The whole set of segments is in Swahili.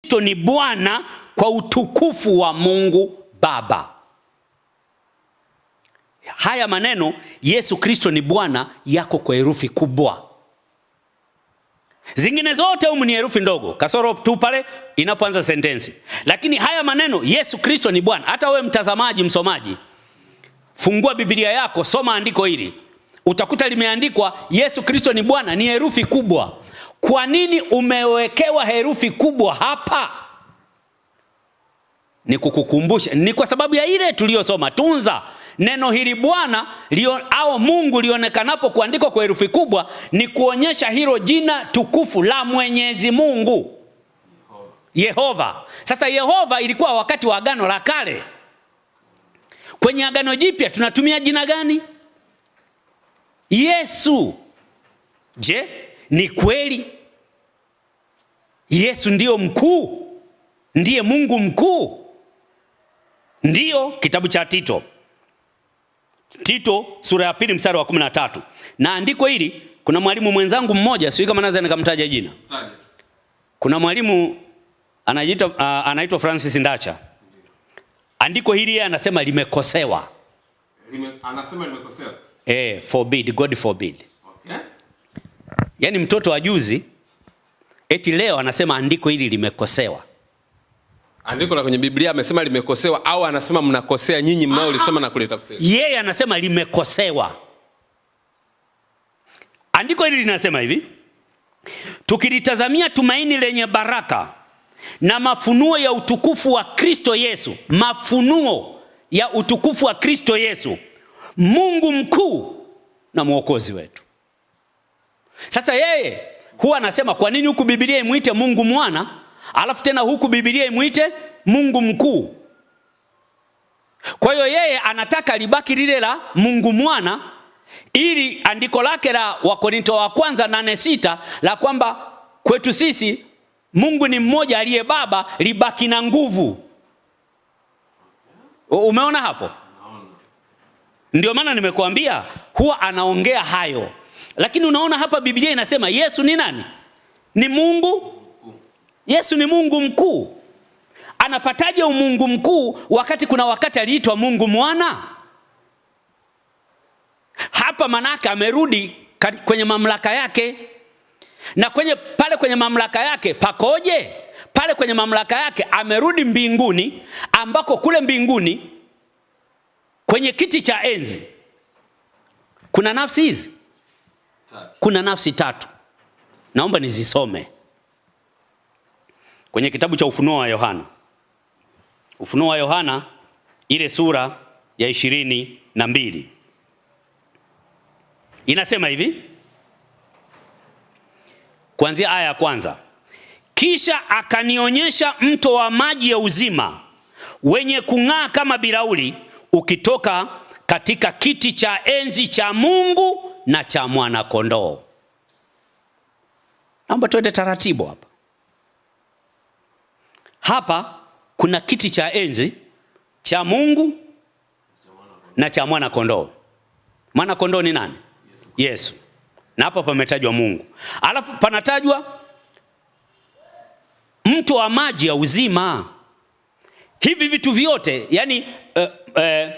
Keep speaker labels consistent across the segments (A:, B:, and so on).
A: Kristo ni Bwana kwa utukufu wa Mungu Baba. Haya maneno Yesu Kristo ni Bwana yako kwa herufi kubwa, zingine zote humu ni herufi ndogo kasoro tu pale inapoanza sentensi, lakini haya maneno Yesu Kristo ni Bwana. Hata wewe mtazamaji, msomaji, fungua Biblia yako, soma andiko hili, utakuta limeandikwa Yesu Kristo ni Bwana, ni herufi kubwa. Kwa nini umewekewa herufi kubwa hapa? Ni kukukumbusha, ni kwa sababu ya ile tuliyosoma, tunza neno hili Bwana au Mungu lionekanapo kuandikwa kwa herufi kubwa, ni kuonyesha hilo jina tukufu la Mwenyezi Mungu Yehova. Sasa Yehova ilikuwa wakati wa agano la kale. Kwenye agano jipya tunatumia jina gani? Yesu. Je, ni kweli Yesu ndiyo mkuu, ndiye Mungu mkuu. Ndiyo kitabu cha Tito, Tito sura ya pili mstari wa kumi Na tatu na andiko hili kuna mwalimu mwenzangu mmoja, sijui kama naweza nikamtaja jina. Kuna mwalimu anajiita uh, anaitwa Francis Ndacha. Andiko hili yeye anasema limekosewa. Lime, anasema limekosewa. Eh, forbid, God forbid. Okay. Yaani mtoto wa juzi eti leo anasema andiko hili limekosewa. Andiko la kwenye Biblia amesema limekosewa au anasema mnakosea nyinyi mnaolisoma na kulitafsiri? Yeye anasema limekosewa. Andiko hili linasema hivi: tukilitazamia tumaini lenye baraka na mafunuo ya utukufu wa Kristo Yesu, mafunuo ya utukufu wa Kristo Yesu, Mungu mkuu na mwokozi wetu. Sasa yeye huwa anasema kwa nini huku Biblia imwite Mungu mwana alafu tena huku Biblia imwite Mungu mkuu? Kwa hiyo yeye anataka libaki lile la Mungu mwana ili andiko lake la Wakorinto wa kwanza nane sita la kwamba kwetu sisi Mungu ni mmoja aliye Baba libaki na nguvu. Umeona hapo? Ndio maana nimekuambia huwa anaongea hayo. Lakini unaona hapa Biblia inasema Yesu ni nani? Ni Mungu. Yesu ni Mungu mkuu. Anapataje umungu mkuu wakati kuna wakati aliitwa Mungu mwana? Hapa manaka amerudi kwenye mamlaka yake, na kwenye pale kwenye mamlaka yake pakoje? Pale kwenye mamlaka yake amerudi mbinguni, ambako kule mbinguni kwenye kiti cha enzi kuna nafsi hizi kuna nafsi tatu, naomba nizisome kwenye kitabu cha Ufunuo wa Yohana, Ufunuo wa Yohana ile sura ya ishirini na mbili inasema hivi kuanzia aya ya kwanza: kisha akanionyesha mto wa maji ya uzima wenye kung'aa kama birauli ukitoka katika kiti cha enzi cha Mungu na cha kondoo. Naomba tuende taratibu hapa. Hapa kuna kiti cha enzi cha Mungu na cha mwana kondoo. Mwana kondoo ni nani? Yesu, Na hapa pametajwa Mungu, alafu panatajwa mtu wa maji ya uzima. Hivi vitu vyote yani, eh, eh,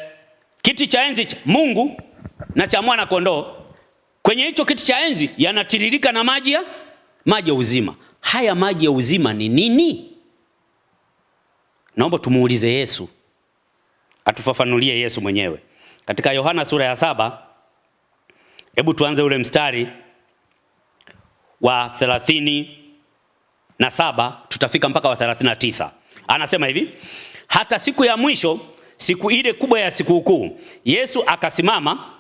A: kiti cha enzi cha Mungu na cha mwana kondoo kwenye hicho kiti cha enzi yanatiririka na maji ya maji ya uzima. Haya maji ya uzima ni nini? Naomba tumuulize Yesu atufafanulie Yesu mwenyewe katika Yohana sura ya saba. Hebu tuanze ule mstari wa saba tutafika mpaka wa 39. Anasema hivi, hata siku ya mwisho, siku ile kubwa ya sikukuu, Yesu akasimama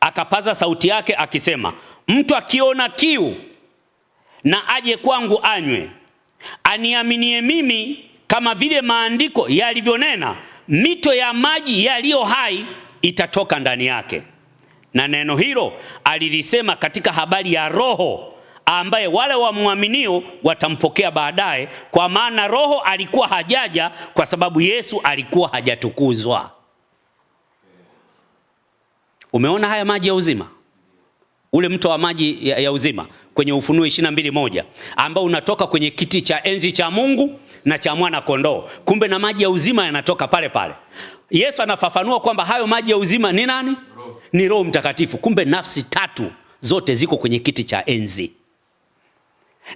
A: akapaza sauti yake akisema, mtu akiona kiu na aje kwangu anywe, aniaminie mimi, kama vile maandiko yalivyonena, mito ya maji yaliyo hai itatoka ndani yake. Na neno hilo alilisema katika habari ya Roho ambaye wale wamwaminio watampokea baadaye, kwa maana Roho alikuwa hajaja kwa sababu Yesu alikuwa hajatukuzwa. Umeona haya maji ya uzima, ule mto wa maji ya, ya uzima kwenye Ufunuo ishirini na mbili moja ambao unatoka kwenye kiti cha enzi cha Mungu na cha mwana kondoo. Kumbe na maji ya uzima yanatoka pale pale. Yesu anafafanua kwamba hayo maji ya uzima ni nani? Roho. Ni Roho Mtakatifu. Kumbe nafsi tatu zote ziko kwenye kiti cha enzi,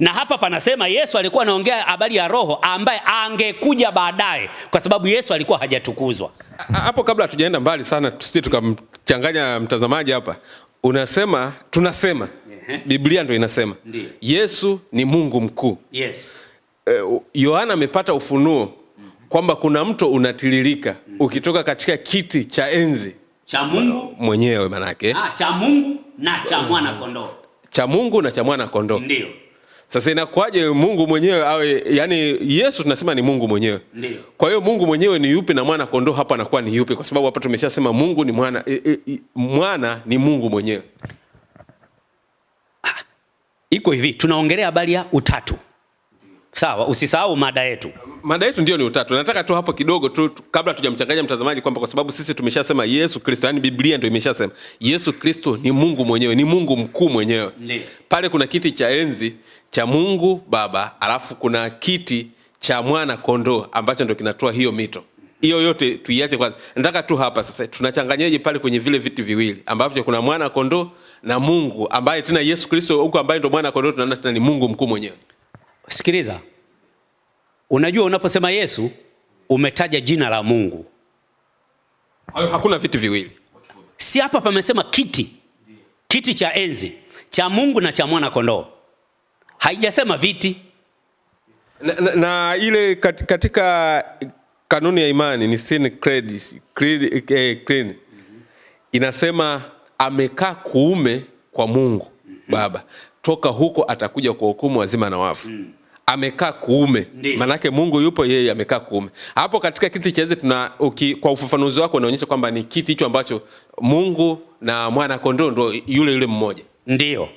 A: na hapa panasema Yesu alikuwa anaongea habari ya Roho ambaye angekuja baadaye, kwa sababu Yesu alikuwa hajatukuzwa.
B: Hapo kabla hatujaenda mbali sana, tusije tukam kumchanganya mtazamaji hapa, unasema tunasema Biblia ndo inasema Ndiye. Yesu ni Mungu mkuu yes. Eh, Yohana amepata ufunuo mhm. kwamba kuna mto unatiririka mhm. ukitoka katika kiti cha enzi
A: cha Mungu
B: mwenyewe, manake
A: ah, cha Mungu na cha mwana kondoo
B: cha Mungu na cha mwana kondoo sasa inakuwaje Mungu mwenyewe awe yani, Yesu tunasema ni Mungu mwenyewe. Ndiyo. Kwa hiyo Mungu mwenyewe ni yupi na mwana kondoo hapa anakuwa ni yupi? Kwa sababu hapa tumeshasema Mungu ni mwana e, e, mwana ni Mungu mwenyewe.
A: Ah, iko hivi tunaongelea habari ya utatu. Sawa, usisahau mada yetu.
B: Mada yetu ndio ni utatu. Nataka tu hapo kidogo tu, tu kabla tujamchanganya mtazamaji kwamba kwa sababu sisi tumeshasema Yesu Kristo, yani Biblia ndio imeshasema Yesu Kristo ni Mungu mwenyewe, ni Mungu mkuu mwenyewe. Pale kuna kiti cha enzi cha Mungu Baba, alafu kuna kiti cha mwana kondoo ambacho ndio kinatoa hiyo mito. Hiyo yote tuiache kwanza. Nataka tu hapa sasa tunachanganyaje pale kwenye vile viti viwili ambavyo kuna mwana kondoo na Mungu ambaye tena Yesu Kristo huko ambaye ndio mwana kondoo tunaona tena ni Mungu mkuu mwenyewe.
A: Sikiliza, unajua unaposema Yesu umetaja jina la Mungu.
B: Hayo hakuna vitu viwili,
A: si hapa pamesema kiti, kiti cha enzi cha Mungu na cha mwana kondoo, haijasema viti
B: na, na, na ile katika kanuni ya imani ni sin creed, creed, eh, Mm -hmm. Inasema amekaa kuume kwa Mungu mm -hmm. Baba toka huko atakuja kwa hukumu wazima na wafu mm. Amekaa kuume, maanake Mungu yupo, yeye amekaa kuume. Hapo katika kiti cha enzi tuna uki, kwa ufafanuzi wako unaonyesha kwamba ni kiti hicho ambacho Mungu na mwana kondoo ndo yule yule mmoja,
A: ndio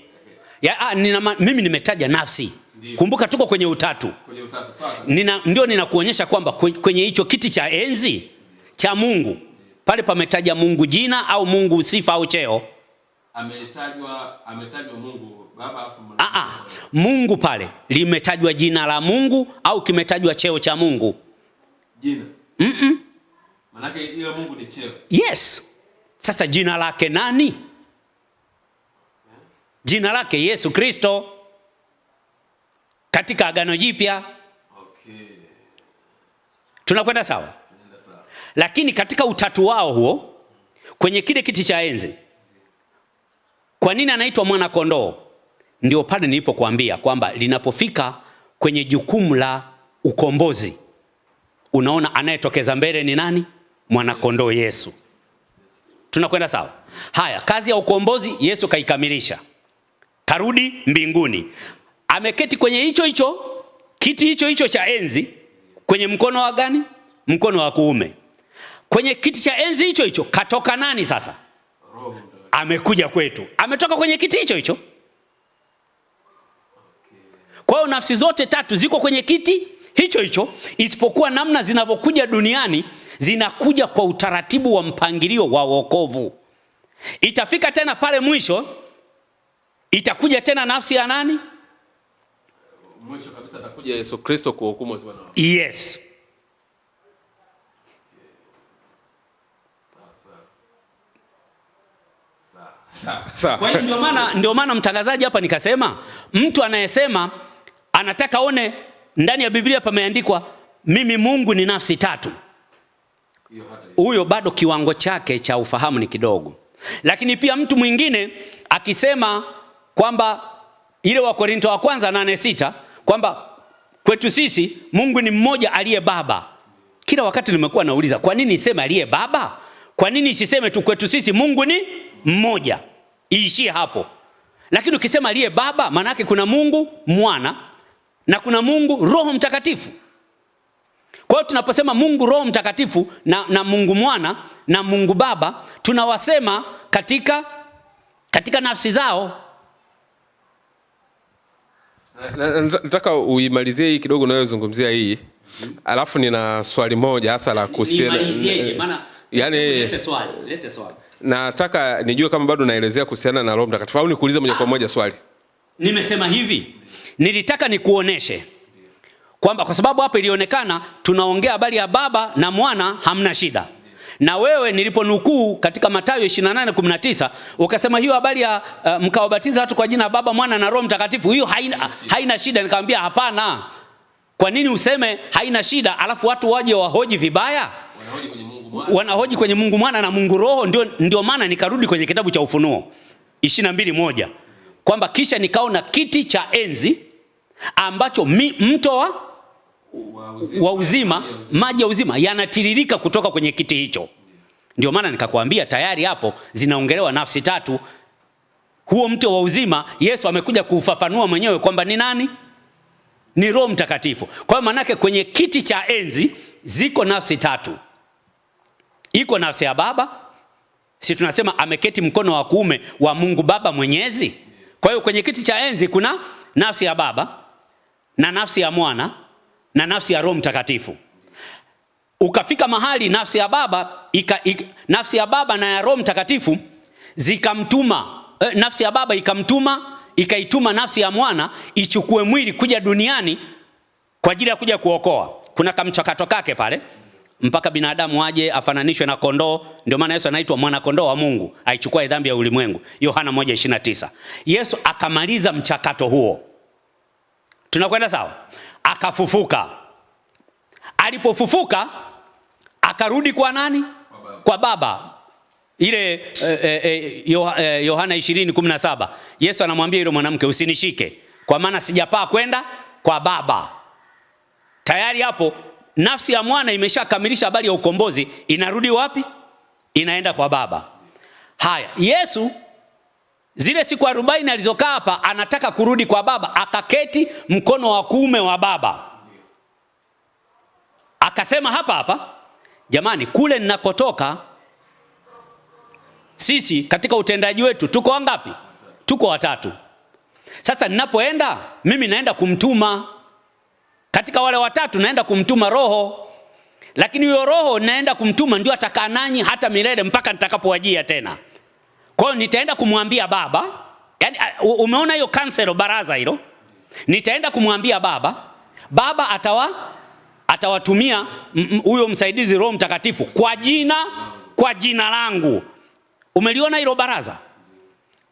A: ah, mimi nimetaja nafsi Ndiyo. Kumbuka tuko kwenye utatu, kwenye utatu. Nina, ndio ninakuonyesha kwamba kwenye hicho kiti cha enzi cha Mungu pale pametaja Mungu jina au Mungu sifa au cheo
B: ametajwa, ametajwa Mungu Aa,
A: ah, ah. Mungu pale limetajwa jina la Mungu au kimetajwa cheo cha Mungu?
B: Jina. Mm -mm. Manake ile Mungu ni cheo.
A: Yes. Sasa jina lake nani? Jina lake Yesu Kristo katika Agano Jipya. Okay. Tunakwenda sawa? sawa. Lakini katika utatu wao huo kwenye kile kiti cha enzi, kwa nini anaitwa mwana kondoo? ndio pale nilipokuambia kwamba linapofika kwenye jukumu la ukombozi, unaona anayetokeza mbele ni nani? Mwanakondoo Yesu. Tunakwenda sawa? Haya, kazi ya ukombozi Yesu kaikamilisha, karudi mbinguni, ameketi kwenye hicho hicho kiti hicho hicho cha enzi kwenye mkono wa gani? Mkono wa kuume. Kwenye kiti cha enzi hicho hicho katoka nani? Sasa amekuja kwetu, ametoka kwenye kiti hicho hicho kwa hiyo nafsi zote tatu ziko kwenye kiti hicho hicho, isipokuwa namna zinavyokuja duniani zinakuja kwa utaratibu wa mpangilio wa wokovu. Itafika tena pale mwisho, itakuja tena nafsi ya nani?
B: Mwisho kabisa atakuja Yesu Kristo kuhukumu.
A: Yes. Kwa hiyo ndio maana ndio maana mtangazaji hapa nikasema mtu anayesema anataka one ndani ya Biblia pameandikwa mimi Mungu ni nafsi tatu. Huyo bado kiwango chake cha ufahamu ni kidogo, lakini pia mtu mwingine akisema kwamba ile wa Korinto wa kwanza nane sita kwamba kwetu sisi Mungu ni mmoja aliye Baba. Kila wakati nimekuwa nauliza kwa nini iseme aliye Baba? Kwa nini isiseme tu kwetu sisi Mungu ni mmoja iishie hapo? Lakini ukisema aliye Baba maana kuna Mungu Mwana na kuna Mungu Roho Mtakatifu. Kwa hiyo tunaposema Mungu Roho Mtakatifu na, na Mungu Mwana na Mungu Baba tunawasema katika, katika nafsi zao.
B: Nataka uimalizie hii kidogo unayozungumzia hii alafu nina swali moja hasa la kuhusiana yani, nataka nijue kama bado naelezea kuhusiana na Roho Mtakatifu au nikuulize moja kwa moja swali.
A: Nimesema hivi Nilitaka nikuoneshe kwamba kwa sababu hapo ilionekana tunaongea habari ya Baba na Mwana, hamna shida na wewe niliponukuu katika Mathayo 28:19 ukasema hiyo habari ya uh, mkawabatiza watu kwa jina Baba, Mwana na Roho Mtakatifu, hiyo haina, haina shida. Nikamwambia hapana, kwa nini useme haina shida alafu watu waje wahoji vibaya? wanahoji kwenye Mungu Mwana na Mungu Roho. Ndio, ndio maana nikarudi kwenye kitabu cha Ufunuo 22:1 kwamba kisha nikaona kiti cha enzi ambacho mi, mto wa, wa uzima, maji ya uzima yanatiririka kutoka kwenye kiti hicho. Ndio maana nikakwambia tayari hapo zinaongelewa nafsi tatu. Huo mto wa uzima Yesu amekuja kuufafanua mwenyewe kwamba ni nani? Ni Roho Mtakatifu. Kwa hiyo maanake kwenye kiti cha enzi ziko nafsi tatu. Iko nafsi ya Baba, si tunasema ameketi mkono wa kuume wa Mungu Baba Mwenyezi. Kwa hiyo kwenye kiti cha enzi kuna nafsi ya Baba, na nafsi ya mwana na nafsi ya Roho Mtakatifu. Ukafika mahali nafsi ya baba ika, ik, nafsi ya baba na ya Roho Mtakatifu zikamtuma eh, nafsi ya baba ikamtuma ikaituma nafsi ya mwana ichukue mwili kuja duniani kwa ajili ya kuja kuokoa. Kuna kamchakato kake pale mpaka binadamu aje afananishwe na kondoo. Ndio maana Yesu anaitwa mwana kondoo wa Mungu aichukua dhambi ya ulimwengu, Yohana 1:29. Yesu akamaliza mchakato huo. Tunakwenda sawa? Akafufuka. Alipofufuka akarudi kwa nani? Kwa baba, kwa baba. Ile eh, eh, eh, 20:17 eh, Yesu anamwambia yule mwanamke, usinishike kwa maana sijapaa kwenda kwa baba. Tayari hapo nafsi ya mwana imeshakamilisha habari ya ukombozi, inarudi wapi? Inaenda kwa baba. Haya, Yesu Zile siku arobaini alizokaa hapa, anataka kurudi kwa baba, akaketi mkono wa kuume wa baba, akasema hapa hapa, jamani, kule ninakotoka sisi katika utendaji wetu tuko wangapi? Tuko watatu. Sasa ninapoenda mimi naenda kumtuma katika wale watatu, naenda kumtuma Roho, lakini huyo Roho naenda kumtuma ndio atakaa nanyi hata milele mpaka nitakapowajia tena. Kwa nitaenda kumwambia baba, yani umeona hiyo kanselo baraza hilo, nitaenda kumwambia baba, baba atawa atawatumia huyo msaidizi Roho Mtakatifu kwa jina kwa jina langu. Umeliona hilo baraza?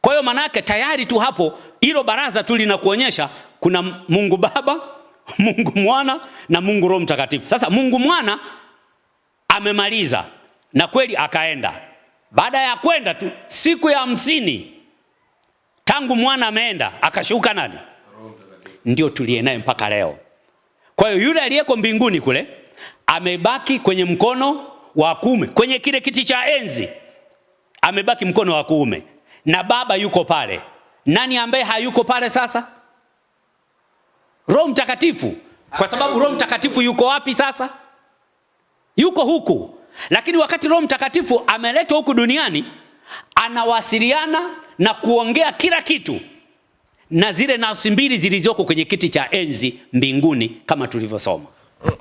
A: Kwa hiyo manake tayari tu hapo hilo baraza tu linakuonyesha kuna Mungu Baba, Mungu Mwana na Mungu Roho Mtakatifu. Sasa Mungu Mwana amemaliza na kweli akaenda. Baada ya kwenda tu siku ya hamsini tangu mwana ameenda akashuka nani? Ndio tuliye naye mpaka leo. Kwa hiyo yule aliyeko mbinguni kule amebaki kwenye mkono wa kuume, kwenye kile kiti cha enzi amebaki mkono wa kuume, na Baba yuko pale. Nani ambaye hayuko pale sasa? Roho Mtakatifu, kwa sababu Roho Mtakatifu yuko wapi sasa? Yuko huku lakini wakati Roho Mtakatifu ameletwa huku duniani, anawasiliana na kuongea kila kitu na zile nafsi mbili zilizoko kwenye kiti cha enzi mbinguni kama tulivyosoma.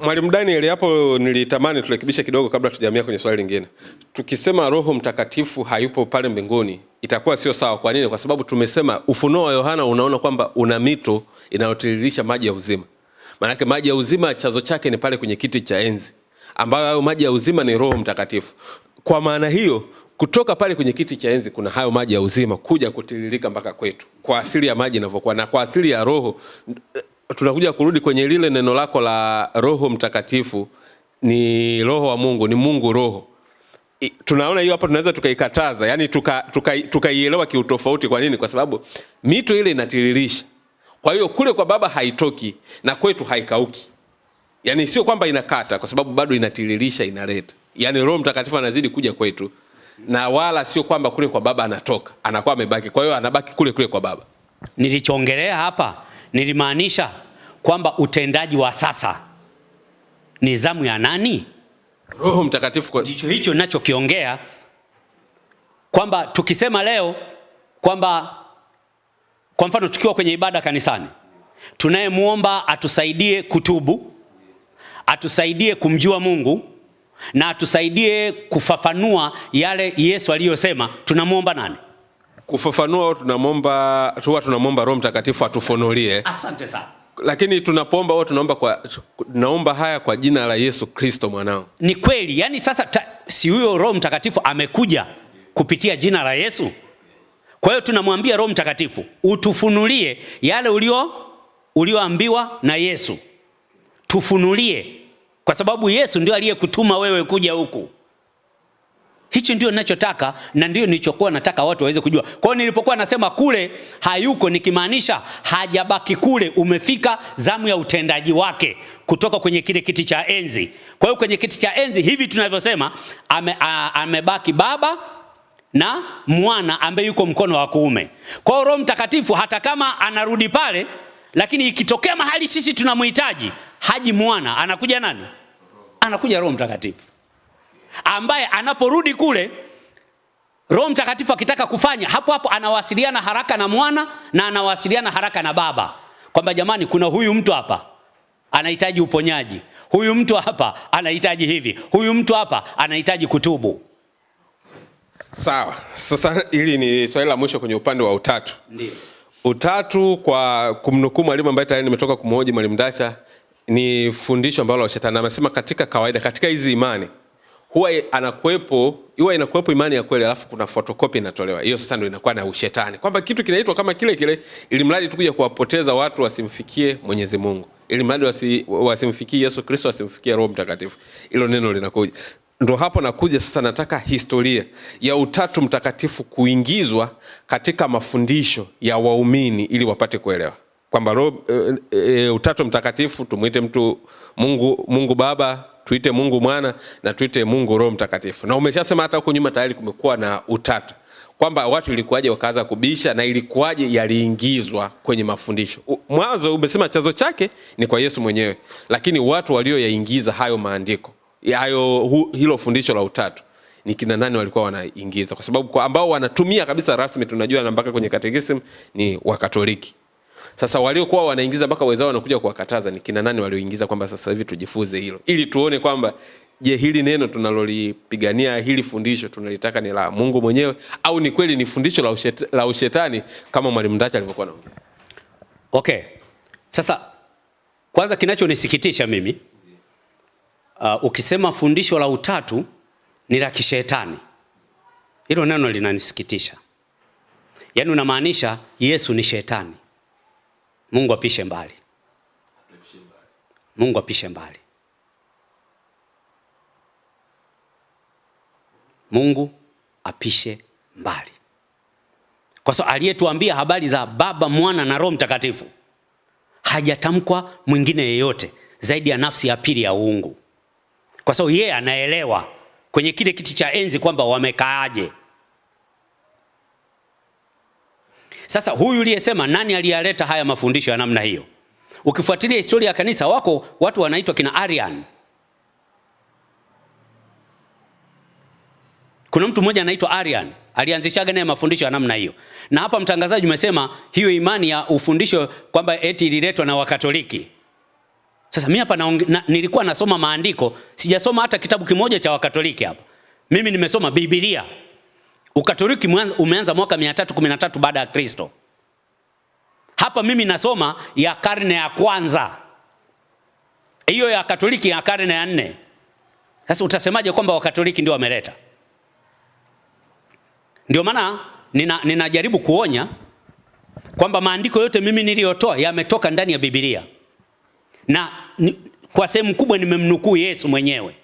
B: Mwalimu Daniel, hapo nilitamani turekebishe kidogo kabla tujamia kwenye swali lingine. Tukisema Roho Mtakatifu hayupo pale mbinguni itakuwa sio sawa. Kwa nini? Kwa sababu tumesema Ufunuo wa Yohana unaona kwamba una mito inayotiririsha maji ya uzima, maanake maji ya uzima chanzo chake ni pale kwenye kiti cha enzi ambayo hayo maji ya uzima ni Roho Mtakatifu. Kwa maana hiyo kutoka pale kwenye kiti cha enzi kuna hayo maji ya uzima kuja kutiririka mpaka kwetu kwa asili ya maji inavyokuwa na kwa asili ya Roho. Tunakuja kurudi kwenye lile neno lako la Roho Mtakatifu, ni Roho wa Mungu, ni Mungu Roho. I, Tunaona hiyo hapa, tunaweza tukaikataza, yani tukaielewa tuka, tuka kiutofauti. Kwa nini? Kwa sababu mito ile inatiririsha, kwa hiyo kule kwa Baba haitoki na kwetu haikauki yani sio kwamba inakata, kwa sababu bado inatiririsha, inaleta. Yani Roho Mtakatifu anazidi kuja kwetu, na wala sio kwamba kule kwa Baba anatoka, anakuwa amebaki. Kwa hiyo anabaki kule kule kwa Baba.
A: Nilichoongelea hapa nilimaanisha kwamba utendaji wa sasa ni zamu ya nani? Roho Mtakatifu. Ndicho hicho ninachokiongea kwamba tukisema leo kwamba kwa mfano tukiwa kwenye ibada kanisani tunayemwomba atusaidie kutubu atusaidie kumjua Mungu na atusaidie kufafanua yale Yesu aliyosema. Tunamwomba nani
B: kufafanua? Tunamwomba huwa tunamwomba Roho Mtakatifu atufunulie. Asante sana. Lakini tunapoomba huwa tunaomba kwa, naomba haya kwa jina la Yesu Kristo mwanao.
A: Ni kweli yani, sasa ta, si huyo Roho Mtakatifu amekuja kupitia jina la Yesu? Kwa hiyo tunamwambia Roho Mtakatifu utufunulie yale ulio ulioambiwa na Yesu tufunulie, kwa sababu Yesu ndio aliyekutuma wewe kuja huku. Hicho ndio ninachotaka na ndio nilichokuwa nataka watu waweze kujua. Kwa hiyo nilipokuwa nasema kule hayuko, nikimaanisha hajabaki kule, umefika zamu ya utendaji wake kutoka kwenye kile kiti cha enzi. Kwa hiyo kwenye kiti cha enzi hivi tunavyosema, ame, amebaki Baba na Mwana ambaye yuko mkono wa kuume. Kwa hiyo Roho Mtakatifu hata kama anarudi pale, lakini ikitokea mahali sisi tunamhitaji haji mwana, anakuja nani? Anakuja Roho Mtakatifu ambaye anaporudi kule Roho Mtakatifu akitaka kufanya hapo hapo anawasiliana haraka na mwana na anawasiliana haraka na baba, kwamba jamani, kuna huyu mtu hapa anahitaji uponyaji, huyu mtu hapa anahitaji hivi, huyu mtu hapa anahitaji kutubu.
B: Sawa, sasa hili ni swali la mwisho kwenye upande wa utatu. Ndiyo. Utatu kwa kumnukuu mwalimu ambaye tayari nimetoka kumhoji Mwalimu Ndasha ni fundisho ambalo shetani amesema. Katika kawaida, katika hizi imani huwa anakuepo huwa inakuepo imani ya kweli, alafu kuna photocopy inatolewa. Hiyo sasa ndio inakuwa na ushetani, kwamba kitu kinaitwa kama kile kile, ili mradi tu kuja kuwapoteza watu wasimfikie Mwenyezi Mungu, ili mradi wasi, wasimfikie Yesu Kristo, wasimfikie Roho Mtakatifu. Hilo neno linakuja ndo hapo nakuja sasa, nataka historia ya Utatu Mtakatifu kuingizwa katika mafundisho ya waumini ili wapate kuelewa kwamba e, e, Utatu Mtakatifu tumwite mtu Mungu, Mungu Baba tuite Mungu Mwana na tuite Mungu Roho Mtakatifu. Na umeshasema hata huko nyuma tayari kumekuwa na utatu kwamba watu ilikuwaje wakaanza kubisha na ilikuwaje yaliingizwa kwenye mafundisho. Mwanzo umesema chazo chake ni kwa Yesu mwenyewe, lakini watu walioyaingiza hayo maandiko hayo, hilo fundisho la utatu ni kina nani walikuwa wanaingiza? Kwa sababu kwa ambao wanatumia kabisa rasmi tunajua na mpaka kwenye katekisimu ni Wakatoliki. Sasa waliokuwa wanaingiza mpaka wenzao wanakuja kuwakataza ni kina nani walioingiza kwamba sasa hivi tujifunze hilo, ili tuone kwamba je, hili neno tunalolipigania, hili fundisho tunalitaka ni la Mungu mwenyewe au ni kweli ni fundisho la, ushet, la ushetani kama Mwalimu Ndacha alivyokuwa anaongea.
A: Okay. Sasa kwanza kinachonisikitisha mimi uh, ukisema fundisho la utatu ni la kishetani, hilo neno linanisikitisha. Yaani unamaanisha Yesu ni shetani. Mungu apishe mbali, Mungu apishe mbali, Mungu apishe mbali, kwa sababu aliyetuambia habari za Baba, Mwana na Roho Mtakatifu hajatamkwa mwingine yeyote zaidi ya nafsi ya pili ya uungu, kwa sababu yeye anaelewa kwenye kile kiti cha enzi kwamba wamekaaje. Sasa huyu uliyesema, nani aliyaleta haya mafundisho ya namna hiyo? Ukifuatilia historia ya kanisa, wako watu wanaitwa kina Arian. Kuna mtu mmoja anaitwa Arian alianzishaga naye mafundisho ya namna hiyo. Na hapa mtangazaji, umesema hiyo imani ya ufundisho kwamba eti ililetwa na Wakatoliki. Sasa mimi hapa na, nilikuwa nasoma maandiko, sijasoma hata kitabu kimoja cha Wakatoliki hapa. Mimi nimesoma Biblia. Ukatoliki umeanza mwaka 313 baada ya Kristo. Hapa mimi nasoma ya karne ya kwanza, hiyo ya Katoliki ya karne ya nne. Sasa utasemaje kwamba Wakatoliki ndio wameleta? Ndio maana nina, ninajaribu kuonya kwamba maandiko yote mimi niliyotoa yametoka ndani ya Biblia na ni, kwa sehemu kubwa nimemnukuu Yesu mwenyewe.